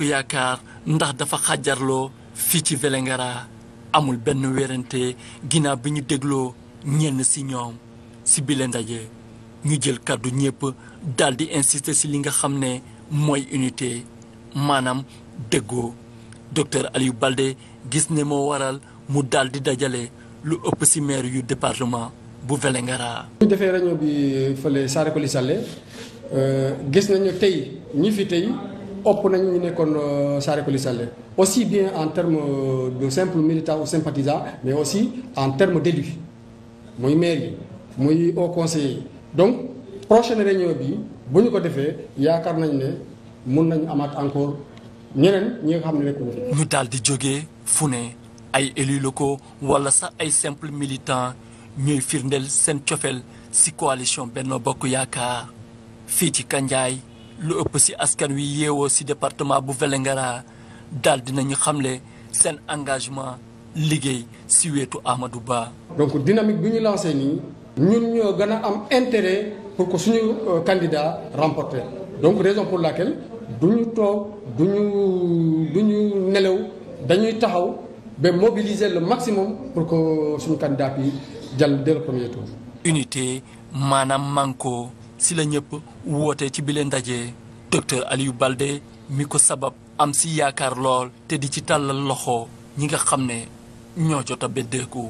bokk yaakaar ndax dafa xàjjarloo fii ci Vélingara amul benn werante ginnaaw bi ñu dégloo ñenn si ñoom si bile ndaje ñu jël kàddu ñëpp daal di insister si li nga xam ne mooy unité maanaam déggoo docteur Aliou balde gis ne moo waral mu daal di dajale lu ëpp si maire yu département bu Vélingara. bu ñu defee réunion bi fële Saare Coly Sallé euh, gis nañu tey ñi fi tey. ëpp nañ ñu nekkoon euh, Saare Coly aussi bien en terme euh, de simple militant ou sympathisant mais aussi en terme d'élu muy maire yi muy au conseiller donc prochaine réunion bi bu ñu ko defee yaakaar nañ ne mun nañ amaat encore ñeneen ñi nga xam ne nekkuñu ñu daal jógee fu ne ay élus ko wala sax ay simple militant ñuy firndeel seen cofeel ci coalition Benno Bokk Yaakaar fii ci Kandiaye lu ëpp si askan wi yeewoo si département bu Vélingara daal dinañu xamle seen engagement liggéey si wetu Amadou Ba. donc dynamique bi ñu lancé nii. ñun ñoo gën a am intérêt pour que suñu euh, candidat remporté donc raison pour laquelle du ñu toog du ñu du ñu nelaw dañuy taxaw ba mobiliser le maximum pour que suñu candidat bi jàll dès premier tour. unité maanaam manko si la ñëpp woote ci bi ndaje docteur aliyu balde mi ko sabab am si yaakaar lool te di ci tàllal loxo ñi nga xam ne ñoo jot a beddeeku